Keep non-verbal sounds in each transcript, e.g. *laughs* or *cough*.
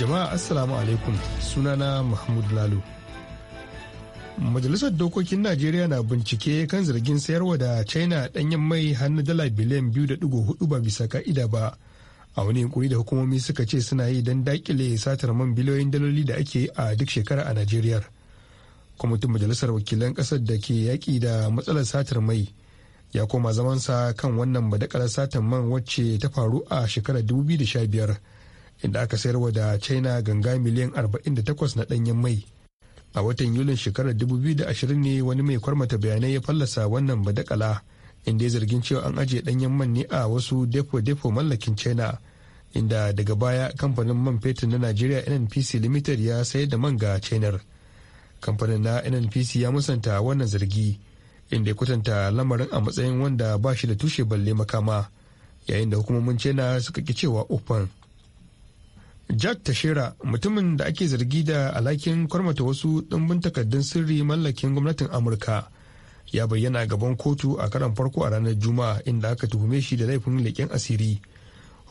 Jama'a Assalamu alaikum sunana Mahmud Lalo. Majalisar Dokokin Najeriya na bincike kan zargin sayarwa da China ɗanyen mai hannu dala biliyan hudu ba bisa ka'ida ba. A wani yunkuri da hukumomi suka ce suna yi don dakile satar man biliyoyin daloli da ake yi a duk shekara a Najeriya. Kwamitin Majalisar Wakilan Ƙasar da ke yaƙi da matsalar satar mai ya koma zamansa kan wannan badakalar satar man wacce ta faru a shekarar 2015. inda aka sayar wa da china ganga miliyan 48 na danyen mai a watan yulin shekarar 2020 ne wani mai kwarmata bayanai ya fallasa wannan badakala inda ya zargin cewa an ajiye danyen man ne a wasu depo-depo mallakin china inda daga baya kamfanin man fetur na nigeria nnpc limited ya sayar da man ga chinar kamfanin na nnpc ya musanta wannan zargi inda ya kwatanta lamarin a matsayin wanda ba shi da tushe balle makama yayin da hukumomin china suka ki cewa open Jack Tashera mutumin da ake zargi da alhakin kwarmata wasu ɗumbin takardun sirri mallakin gwamnatin Amurka ya bayyana gaban kotu a karan farko a ranar Juma'a inda aka tuhume shi da laifin leƙen asiri.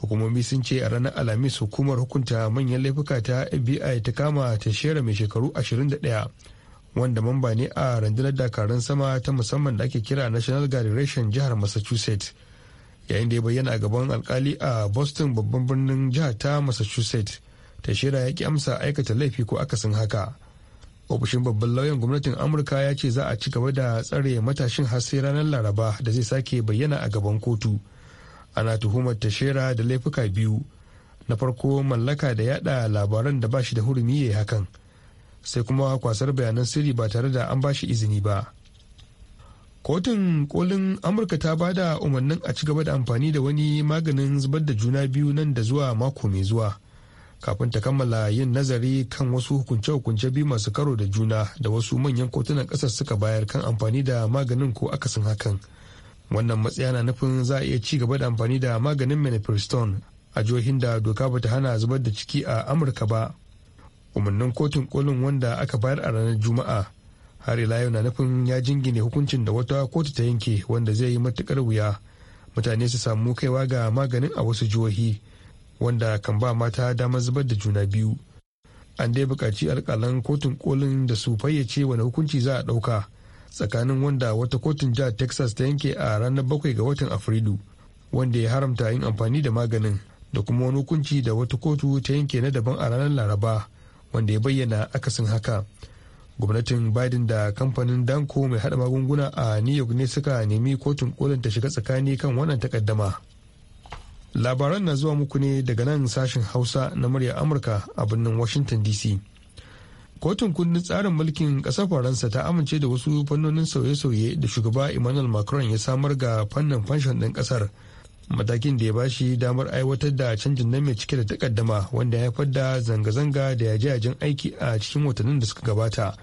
Hukumomi sun ce a ranar Alhamis hukumar hukunta manyan laifuka ta FBI ta kama Tashera mai shekaru 21 wanda mamba ne a rundunar dakarun sama ta musamman da ake kira National Guard jihar Massachusetts. yayin da ya bayyana a gaban alkali a boston babban birnin jihar ta massachusetts tashera ya ki amsa aikata laifi ko akasin haka ofishin babban lauyan gwamnatin amurka ya ce za a ci gaba da tsare matashin har sai ranar laraba da zai sake bayyana a gaban kotu ana tuhumar tashera da laifuka biyu na farko mallaka da yada labaran da ba shi da hurumi ya hakan sai kuma kwasar bayanan sirri ba tare da an ba shi izini ba kotun kolin amurka ta ba da umarnin a ci gaba da amfani da wani maganin zubar da juna biyu nan da zuwa mako mai zuwa kafin ta kammala yin nazari kan wasu hukunce-hukunce biyu masu karo da juna da wasu manyan kotunan ƙasar suka bayar kan amfani da maganin ko akasin hakan wannan matsaya na nufin za a iya ci gaba da amfani da maganin menopristone a jihohin da doka bata hana zubar da ciki a amurka ba umarnin kotun kolin wanda aka bayar a ranar juma'a har ila yau na nufin ya jingine hukuncin da wata kotu ta yanke wanda zai yi matukar wuya mutane su samu kaiwa ga maganin a wasu jihohi wanda kan ba mata damar zubar da juna biyu an dai bukaci alkalan kotun kolin da su fayyace wani hukunci za a ɗauka tsakanin wanda wata kotun jihar texas ta yanke a ranar bakwai ga watan afrilu wanda ya haramta yin amfani da maganin da kuma wani hukunci da wata kotu ta yanke na daban a ranar laraba wanda ya bayyana akasin haka gwamnatin biden da kamfanin danko mai hada magunguna a new york ne suka nemi kotun kolin ta shiga tsakani kan wannan takaddama labaran na zuwa muku ne daga nan sashen hausa na murya amurka a birnin washington dc kotun kundin tsarin mulkin ƙasar faransa ta amince da wasu fannonin sauye-sauye da shugaba emmanuel macron ya samar ga fannin fanshon ɗin ƙasar matakin da ya ba shi damar aiwatar da canjin na mai cike da takaddama wanda ya haifar da zanga-zanga da yaje-yajen aiki a cikin watannin da suka gabata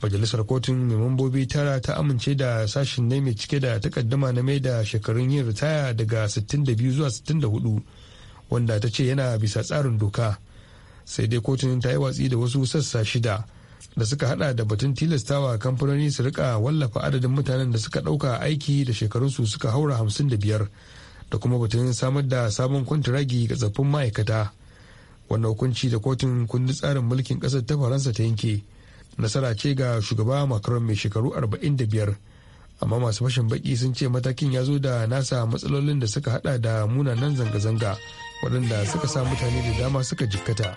majalisar kotun mai mambobi tara ta amince da sashin ne mai cike da takaddama na mai da shekarun yin ritaya daga 62 zuwa 64 wanda ta ce yana bisa tsarin doka sai dai kotun ta yi watsi da wasu sassa shida da suka hada da batun tilastawa kamfanoni su rika wallafa adadin mutanen da suka dauka aiki da shekarunsu suka haura 55 da kuma batun samar da sabon kwantiragi ga tsaffin ma'aikata wannan hukunci da kotun kundin tsarin mulkin kasar ta faransa ta yanke nasara ce ga shugaba macron mai shekaru 45 amma masu fashin baki sun ce matakin ya zo da nasa matsalolin da suka hada da munanan zanga-zanga waɗanda suka sa mutane da dama suka jikkata.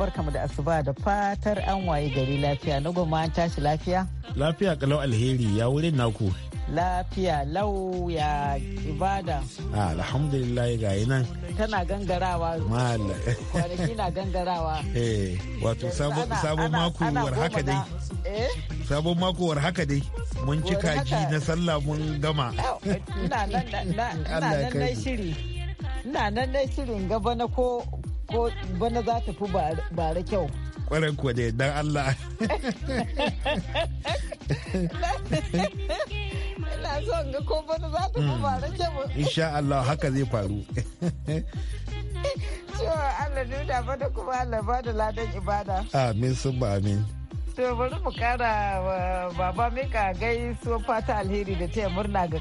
barkamu da asuba da fatar an waye gari lafiya na goma an tashi lafiya? Lafiya kalau alheri ya wurin naku. Lafiya lau ya ibada. Ah, alhamdulillah ga yi nan. Tana gangarawa. Mala. Kwanaki na gangarawa. *laughs* Eh, wato sabon mako war haka dai. Eh? Sabon mako war haka dai. Mun cika ji na sallah mun gama. Ina nan na *laughs* shiri. Ina nan na shirin gaba na ko ko bana za ta fi bara kyau Kwarar kuwa dai dan Allah ina so ga ko bana za ta fi hmm. bara kyau insha Allah haka zai faru cewa Allah nuna bada kuma Allah bada ladan ibada amin sun ba amin to bari mu kara wa baba mika so fata alheri da taya murna ga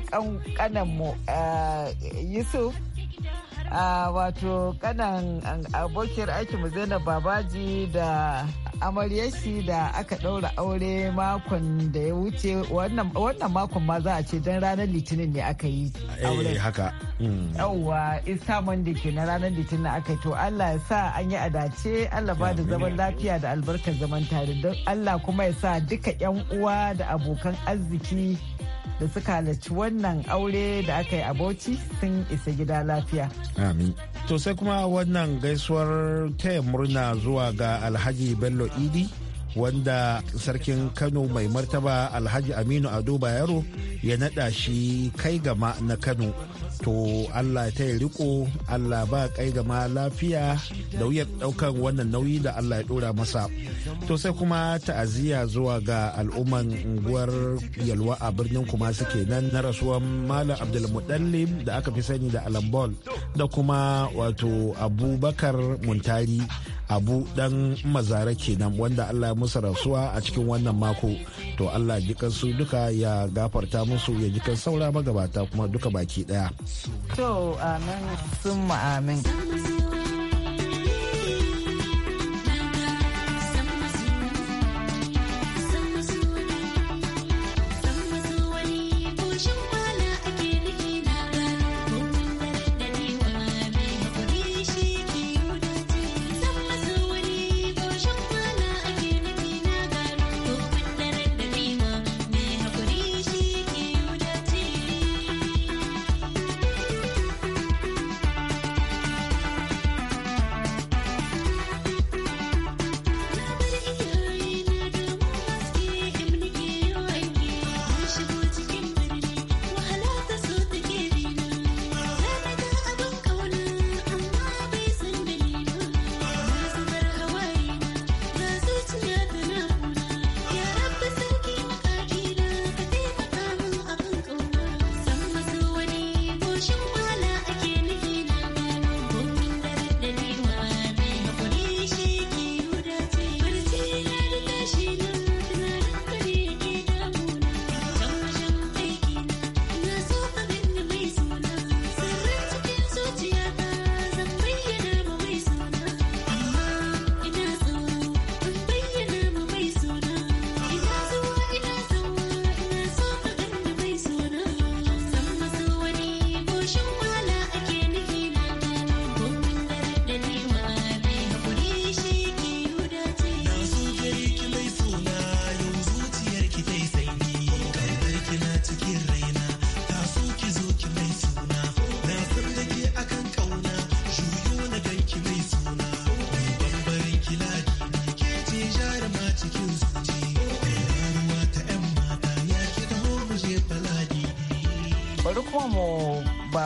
kananmu mu eh, yusuf wato kanan abokiyar aikinmu zainab babaji da amaryashi da aka ɗaura aure makon da ya wuce wannan makon ma za a ce don ranar litinin ne aka yi eh, aure haka hmm. yawwa isa monday ke na ranar litinin aka yi to allah ya sa an yi adace allah ba da zaman lafiya da albarkar zaman tare don allah kuma ya sa duka yan uwa da abokan arziki da suka halarci wannan aure da aka yi a Bauchi sun isa gida lafiya. Amin. To sai kuma wannan gaisuwar taya murna zuwa ga Alhaji Bello Idi. wanda sarkin kano mai martaba alhaji aminu ado bayero ya nada shi kai gama na kano to allah ta yi riko allah ba kai gama lafiya da wuyar daukan wannan nauyi da allah ya dora masa to sai kuma ta'aziyya zuwa ga al'umman unguwar yalwa a birnin kuma suke nan na rasuwan malam abdulmuɗallim da aka fi sani da alambol da kuma wato abubakar muntari abu dan mazara kenan wanda allah ya musu rasuwa a cikin wannan mako to allah jikan su duka ya gafarta musu ya jikan saura magabata kuma duka baki daya To, amin, sun amin.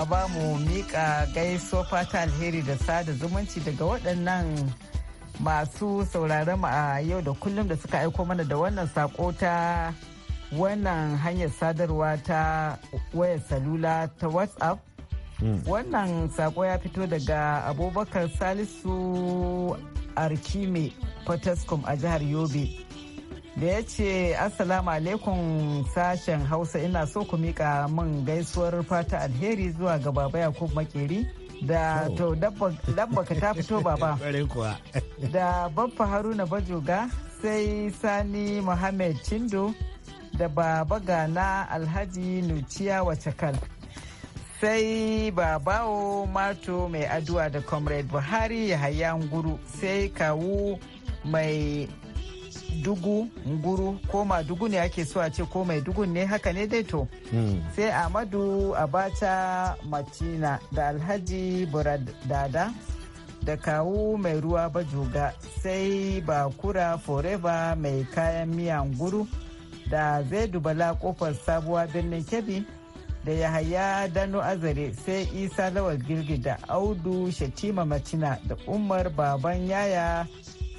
ba mu mika gaiso fata alheri da sada zumunci daga waɗannan masu sauraron mu a yau da kullum da suka aiko mana da wannan sako ta wannan hanyar sadarwa ta wayar salula ta whatsapp hmm. wannan sako ya fito daga abubakar salisu arkime potescom a jihar yobe da ya ce assalamu alaikum sashen hausa ina so ku mika min gaisuwar fata alheri zuwa ga baba yakub makeri da oh. to dabba ka ta fito baba *laughs* da babba haruna bajoga sai sani muhammad chindo da baba gana alhaji nuciya cakal. sai babawo mato mai aduwa da comrade buhari ya guru sai kawu mai dugu nguru ko madugu ne ake so a ce ko mai dugun ne haka ne dai to hmm. sai amadu abacha matina da alhaji dada da kawu mai ruwa bajuga sai bakura forever mai kayan miyan guru da zaidu bala kofar sabuwa birnin kebbi da yahaya dano azare sai isa lawal girgi da audu shatima macina da umar baban yaya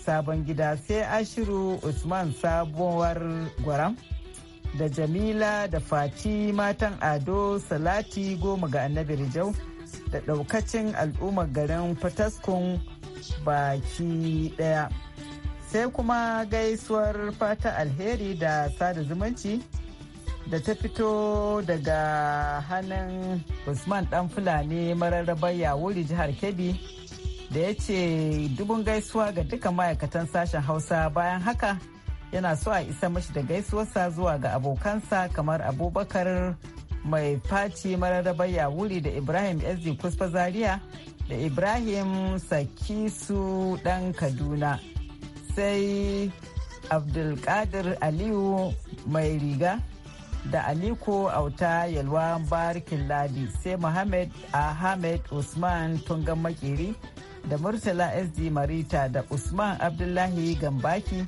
sabon gida sai ashiru usman sabuwar gwaram da jamila da fati matan ado salati goma ga annabi rijau da daukacin al'ummar garin fataskun baki daya sai kuma gaisuwar fata alheri da sada zumunci da ta fito daga hannun usman dan fulani mararrabar yawuri jihar kebbi da ya ce dubun gaisuwa ga duka ma'aikatan sashen hausa bayan haka yana so a isa mashi da gaisuwarsa zuwa ga abokansa kamar abubakar mai faci mararraba wuri da ibrahim sd kusfa zaria da ibrahim sakisu dan kaduna sai abdulkadir aliyu mai riga da aliko auta yalwa barikin ladi sai muhammad ahmed usman tungan makeri da Murtala SD Marita da Usman Abdullahi Gambaki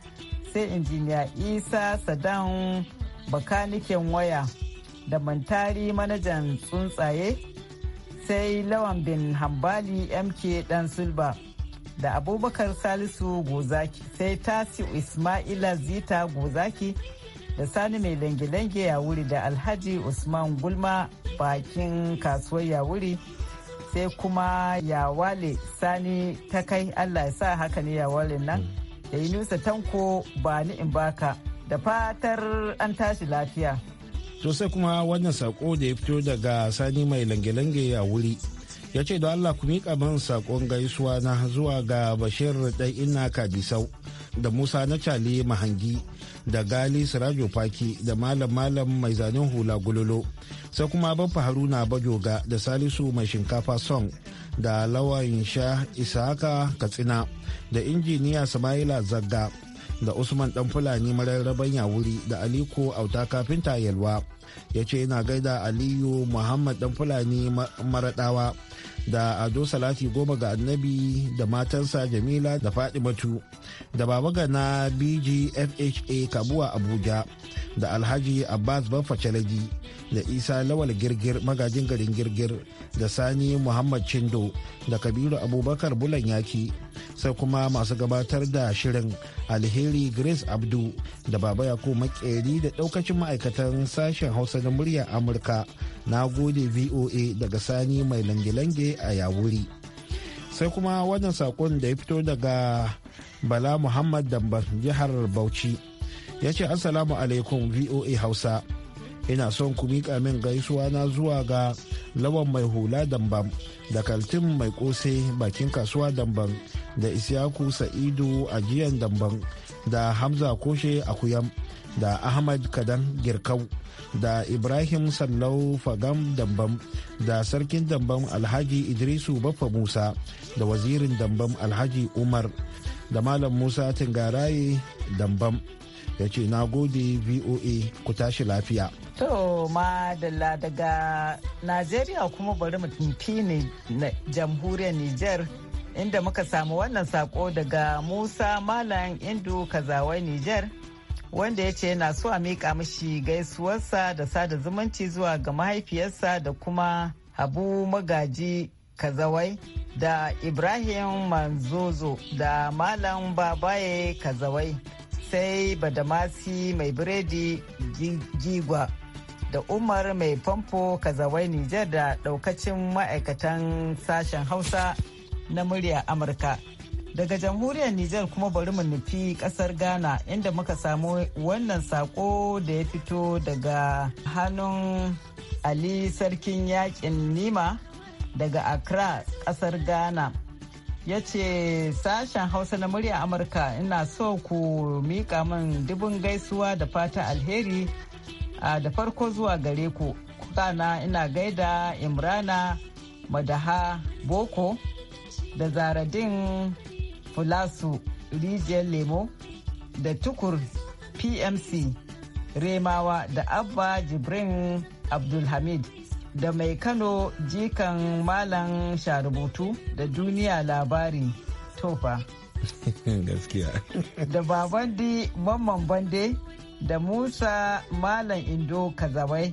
sai injiniya Isa Sadan bakaniken waya da mantari manajan tsuntsaye sai lawan bin hambali mk dan silba da abubakar salisu gozaki sai tasi ismaila zita gozaki da sani mai lange-lange ya wuri da alhaji usman gulma bakin kasuwar ya wuri sai kuma yawale sani ta kai allah ya sa haka ne yawale nan da mm. nusa tanko ba ni in baka da fatar an tashi lafiya to sai kuma wannan sako da ya fito daga sani mai lange-lange a wuri ya ce da allah ku miƙa min sakon gaisuwa na zuwa ga bashir ɗan ina kadisau da musa na cale mahangi da gali sirajo faki da malam malam mai zanen hula gulolo sai kuma baffa haruna bajoga da salisu mai shinkafa song da lawan sha isaka katsina da injiniya samaila zagga da usman dan fulani mararraban wuri da aliko auta kafinta yalwa ya ce yana gaida aliyu muhammad dan fulani maradawa da ado salati goma ga annabi da matansa jamila da fadimatu da baba gana bgfha kabuwa abuja da alhaji abbas baffa chalagi da isa lawal girgir magajin garin girgir da sani muhammad chindo da kabiru abubakar bulan yaki sai kuma masu gabatar da shirin alheri grace abdu da baba yako makeri da daukacin ma'aikatan sashen hausa na muryar amurka na gode voa daga sani mai lange-lange a yawuri sai kuma wannan sakon da ya fito daga bala muhammad damban jihar bauchi ya ce assalamu alaikum voa hausa ina son ku miƙa min gaisuwa na zuwa ga lawan mai hula dambam da kaltin mai kose bakin kasuwa dambam da isyaku sa'idu ajiyan dambam da hamza koshe akuyam da ahmad kadan girkau da ibrahim sallau fagam dambam da sarkin dambam alhaji idrisu baffa musa da wazirin dambam alhaji umar da malam musa tingaraye dambam ya ce na gode voa ku tashi lafiya to madalla daga najeriya kuma bari mu ne na jamhuriyar niger inda muka samu wannan sako daga musa malam indu kazawai niger wanda ya ce yana so a mika mishi gaisuwarsa da sada zumunci zuwa ga mahaifiyarsa da kuma habu magaji kazawai da ibrahim manzozo da malam babaye kazawai sai badamasi mai biredi gigwa da umar mai famfo kazawai nijar da daukacin ma'aikatan sashen hausa na murya amurka daga jamhuriyar nijar kuma bari mu nufi kasar ghana inda muka samu wannan sako da ya fito daga hannun ali sarkin yakin nima daga accra kasar ghana ya ce sashen hausa na murya amurka ina so ku miƙa min dubin gaisuwa da fata alheri da farko zuwa gare ku kana ina gaida imrana madaha boko da zaradin fulasu rijiyar lemo da tukur pmc remawa da abba jibrin abdulhamid da mai kano jikan malam sharubutu da duniya labari tofa *laughs* gaskiya da babandi mamman bande da musa malam indo kazabai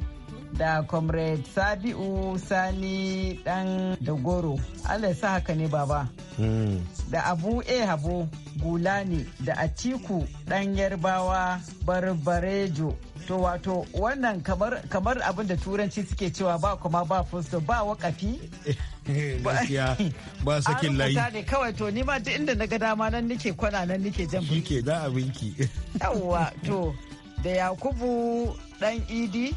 da comrade sabi'u sani dan dagoro allah sa haka ne baba hmm. da abu e habo gulani da atiku dan yarbawa barbarejo to wato wannan kamar abin da turanci suke cewa ba kuma ba fusto ba wakafi *laughs* ba *laughs* sakin layi ne kawai to ni ma duk inda na ga dama nan nike kwana nan nike jan binki da abinki yawwa to da yakubu dan idi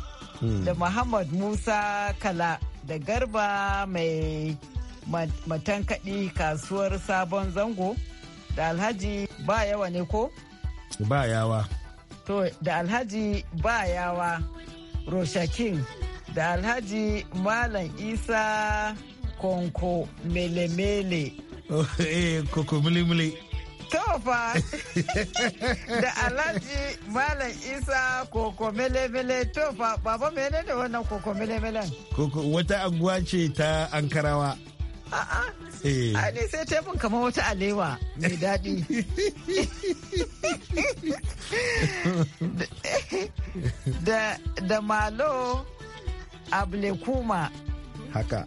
da Muhammad Musa Kala da Garba mai matankaɗi kasuwar sabon zango da Alhaji ba yawa ne ko? Ba yawa. To da Alhaji ba yawa Roshakin da Alhaji Malam Isa Konko Mele Mele. Oh, eh, koko Mele Mele. tofa *laughs* da alhaji malam isa koko mele-mele tofa baba mene da wannan koko mele-mele wata anguwa ce ta ankarawa a'a eh. a ne sai ta mun wata alewa mai daɗi *laughs* da malo ablekuma haka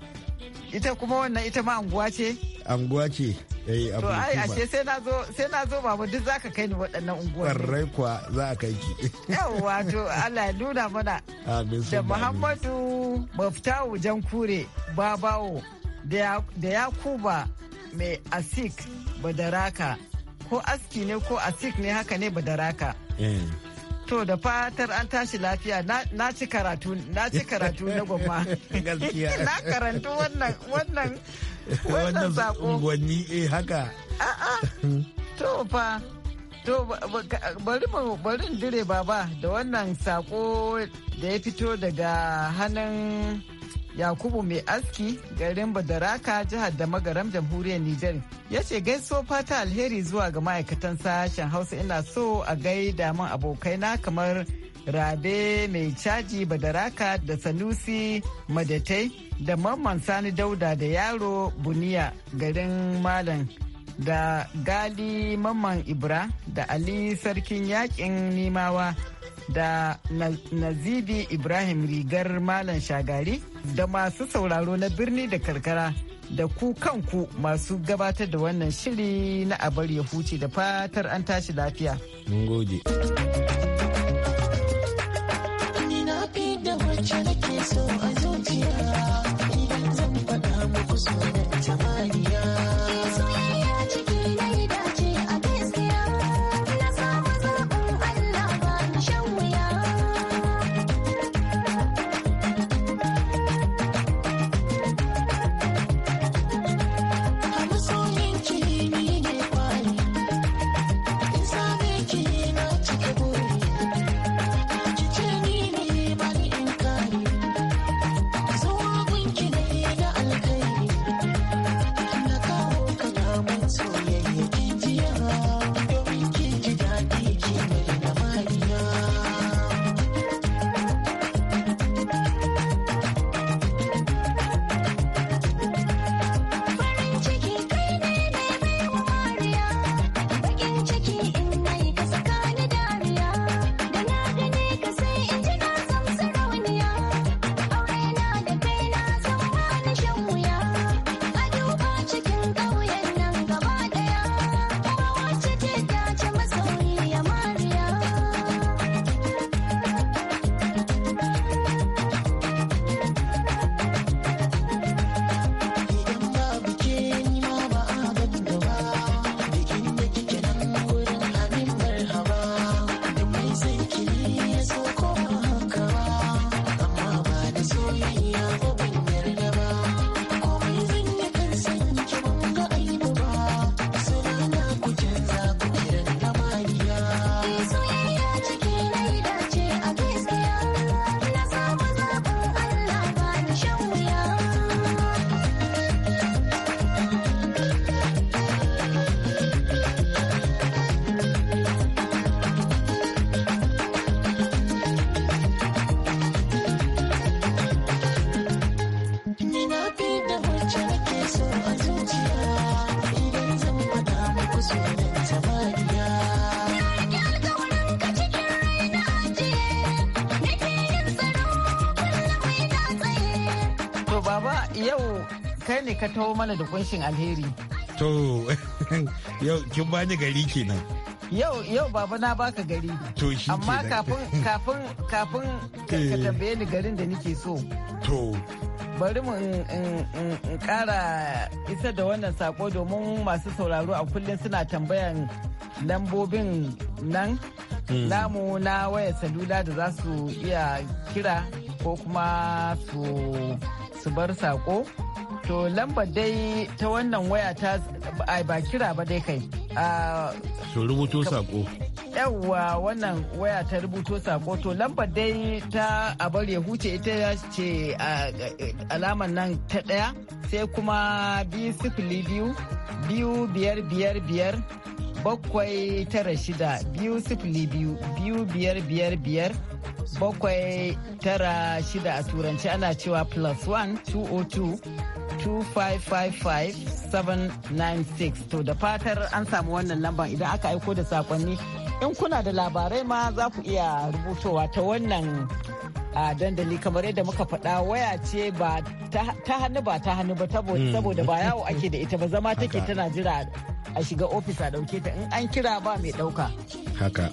ita kuma wannan ita ma anguwa ce anguwa ce Eh, to ai ashe sai na zo sai na zo babu duk zaka kai ni waɗannan unguwa. ƙarrai kuwa za a kai ki *laughs* Yawwa to Allah ya nuna mana da Muhammadu Muftawu Jankure Babawo da Yakuba mai Asik Badaraka ko aski ne ko asik ne haka ne badaraka. Eh. To da fatar an tashi lafiya na ci karatu na gwamma. *laughs* *laughs* Na karantu wannan wannan unguwanni eh haka to fa to bari bari dire baba da wannan sako da ya fito daga hannun yakubu mai aski garin badaraka jihar da magaram jamhuriyar nijar ya ce gaiso fata alheri zuwa ga ma'aikatan sashen hausa ina so a gaida min abokaina kamar rabe mai caji badaraka da sanusi madatai da mamman sani dauda da yaro buniya garin malam da gali mamman ibra da ali sarkin yakin nimawa da nazibi ibrahim rigar malam shagari da masu sauraro na birni da karkara da ku kanku masu gabatar da wannan shiri na abar ya huce da fatar an tashi lafiya. Mun gode. so ne ka taho mana da kunshin alheri. To, *laughs* yau kin bani gari kenan. Yau yau baba na baka gari. To shi Amma kafin kafin kafin ka eh. tambaye ni garin da nake so. To. Bari mu in kara isa da wannan sako domin masu sauraro a kullum suna tambayan lambobin nan hmm. namu na waya salula da za su iya kira ko kuma su bar sako To lambar dai ta wannan waya ta ba kira ba dai kai. to rubuto sako. Yawwa wannan waya ta rubuto sako to lambar dai ta a abar ya huce ita ce alamar nan ta ɗaya sai kuma biyu sifili biyu biyu biyar biyar biyar bakwai tara shida biyu sifili biyu biyu biyar biyar biyar bakwai tara shida a turanci ana cewa plus one two o oh two two five five five seven nine six to da fatar an samu wannan lambar idan aka aiko da sakonni in kuna da labarai ma za ku iya rubutowa ta wannan a dandali kamar yadda muka faɗa waya ce ba ta hannu ba ta hannu ba hmm, saboda ba yawo ake da ita ba zama take tana jira a shiga ofis a ɗauke ta in an kira ba mai ɗauka. Haka.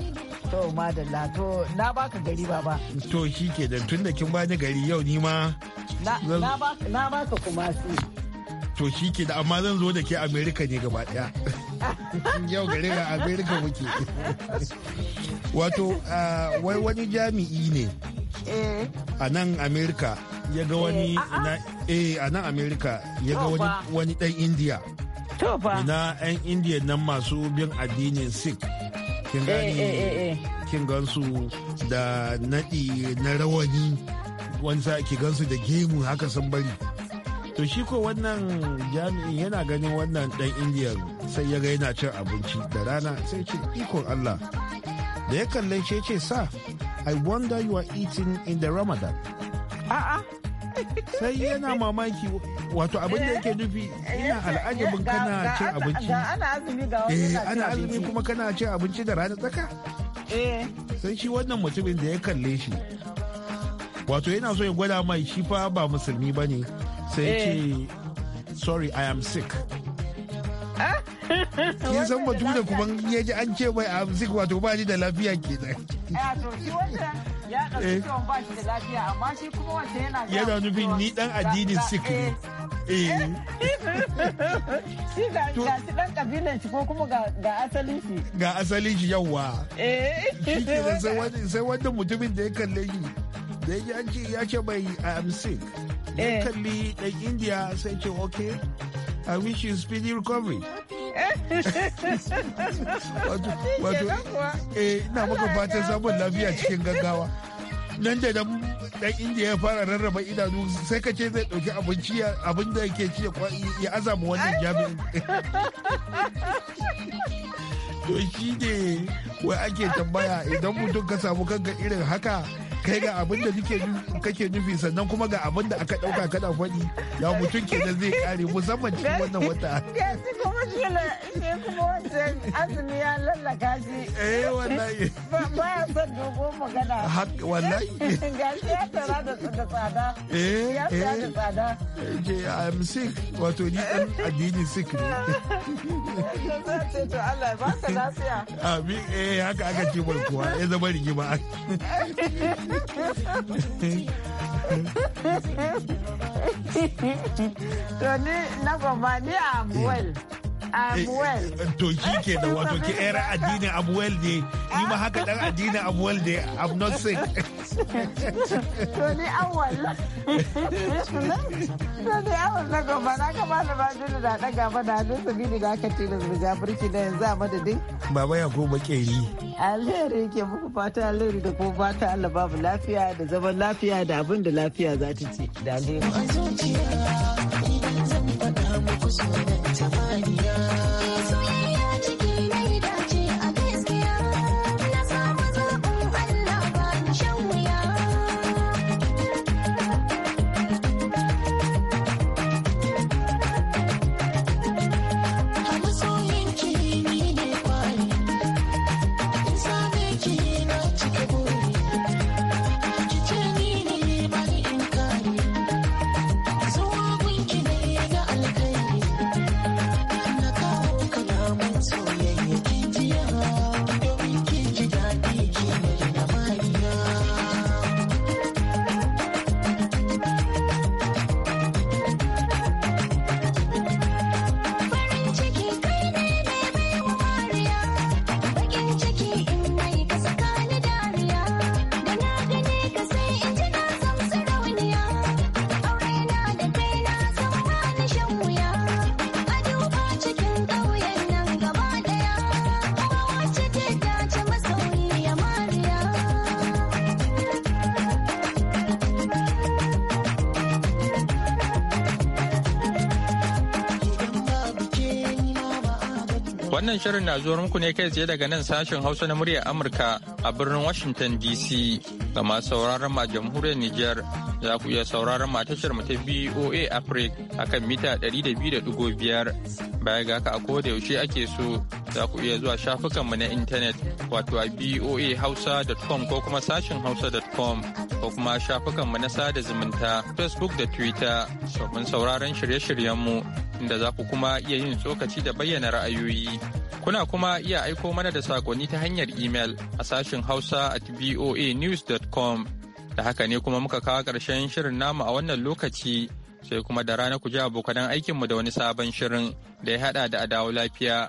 To madalla to na baka gari baba. To shi ke da tun da kin bani gari yau ni ma. Na baka kuma su. to shi ke da amma zan zo da ke amerika ne gaba daya *laughs* yau gari ga amerika muke wato ah, wai wani jami'i ne Eh. a nan amerika eh, eh, ya ga wani eh a wani dan indiya na yan indiya nan masu bin addinin sikh kin gani kin gansu da naɗi na rawani wani ki gansu da gemu haka sun bari to shi ko wannan jami'in yana ganin wannan dan indiya sai ya ga yana cin abinci da rana sai ce ikon allah da ya kallon shi ce sa I wonder you are eating in the Ramadan. A'a. Sai yana mamaki wato abin da yake nufi eh, ina al'ajabin kana cin abinci. Ana azumi ga wani eh, na ana azumi kuma kana cin abinci da rana tsaka? Eh. Sai shi wannan mutumin da ya kalle shi. Wato yana so ya gwada mai shi fa ba musulmi ba ne. Sai ce eh. sorry I am sick. kin san da kuma ya ji an ce mai amsik wato ba shi da lafiya ke da eh, ya ɗauki eh. ciwon ba shi da lafiya amma shi kuma wanda yana yana nufin ni dan addinin sik ne eh. *laughs* shi ga shi dan kabilan shi ko kuma ga asalin shi ga asalin shi yawa *laughs* shi ke sai wanda mutumin da ya kalle shi da ya ce ya ce mai amsik ya kalli ɗan indiya sai ce okay I wish you speedy recovery. *laughs* Eh, ina maka fatan samun lafiya cikin gaggawa nan da nan dan indiya ya fara rarraba idanu sai ka ce zai dauki abinci abin da yake ci ya azama wannan jami'in *laughs* to shi ne wai ake tambaya idan mutum ka samu kanka irin haka kai ga abin da kake nufi sannan kuma ga abin da aka ɗauka kana faɗi ya mutum ke da zai kare musamman cikin wannan wata. Yanzu kuma shi kuma wancan azumi ya lallaka shi. Eh wallahi. Ba ya son dogon magana. Hak wallahi. Ga shi ya tara da tsada. Eh ya tara da eh. tsada. Je I am sick wato ni dan addini sick ne. to Allah ba ka lafiya. Abi eh haka aka ce bai kuwa ya zama rigima. *laughs* to ni eh. eh, eh, na to ki era ni haka i'm not *laughs* to ni awal to ni awal ko ba na ka ba da ba dole da daga ba da dole sabili da aka tilas da jabirki da yanzu a madadin baba ya goma keri alheri ke muku fata alheri da kuma fata Allah babu lafiya da zaman lafiya da abin da lafiya za ta ci da alheri Wannan shirin na zuwa muku ne kai tsaye daga nan sashen Hausa na muryar Amurka a birnin Washington DC ga masu sauraron ma jamhuriyar Nijar za ku iya sauraron ma tashar mu ta BOA Africa akan mita 200.5 baya ga haka a koda yaushe ake so za ku iya zuwa shafukanmu na intanet wato a hausa.com ko kuma sashin hausa.com ko kuma shafukanmu na sada zumunta facebook da twitter domin sauraron shirye-shiryenmu inda za ku kuma iya yin tsokaci da bayyana ra'ayoyi. Kuna kuma iya aiko mana da sakonni ta hanyar imel a sashin hausa at voanews.com. Da haka ne kuma muka kawo ƙarshen shirin namu a wannan lokaci sai kuma da rana ku ji abokan aikinmu da wani sabon shirin da ya haɗa da adawo lafiya.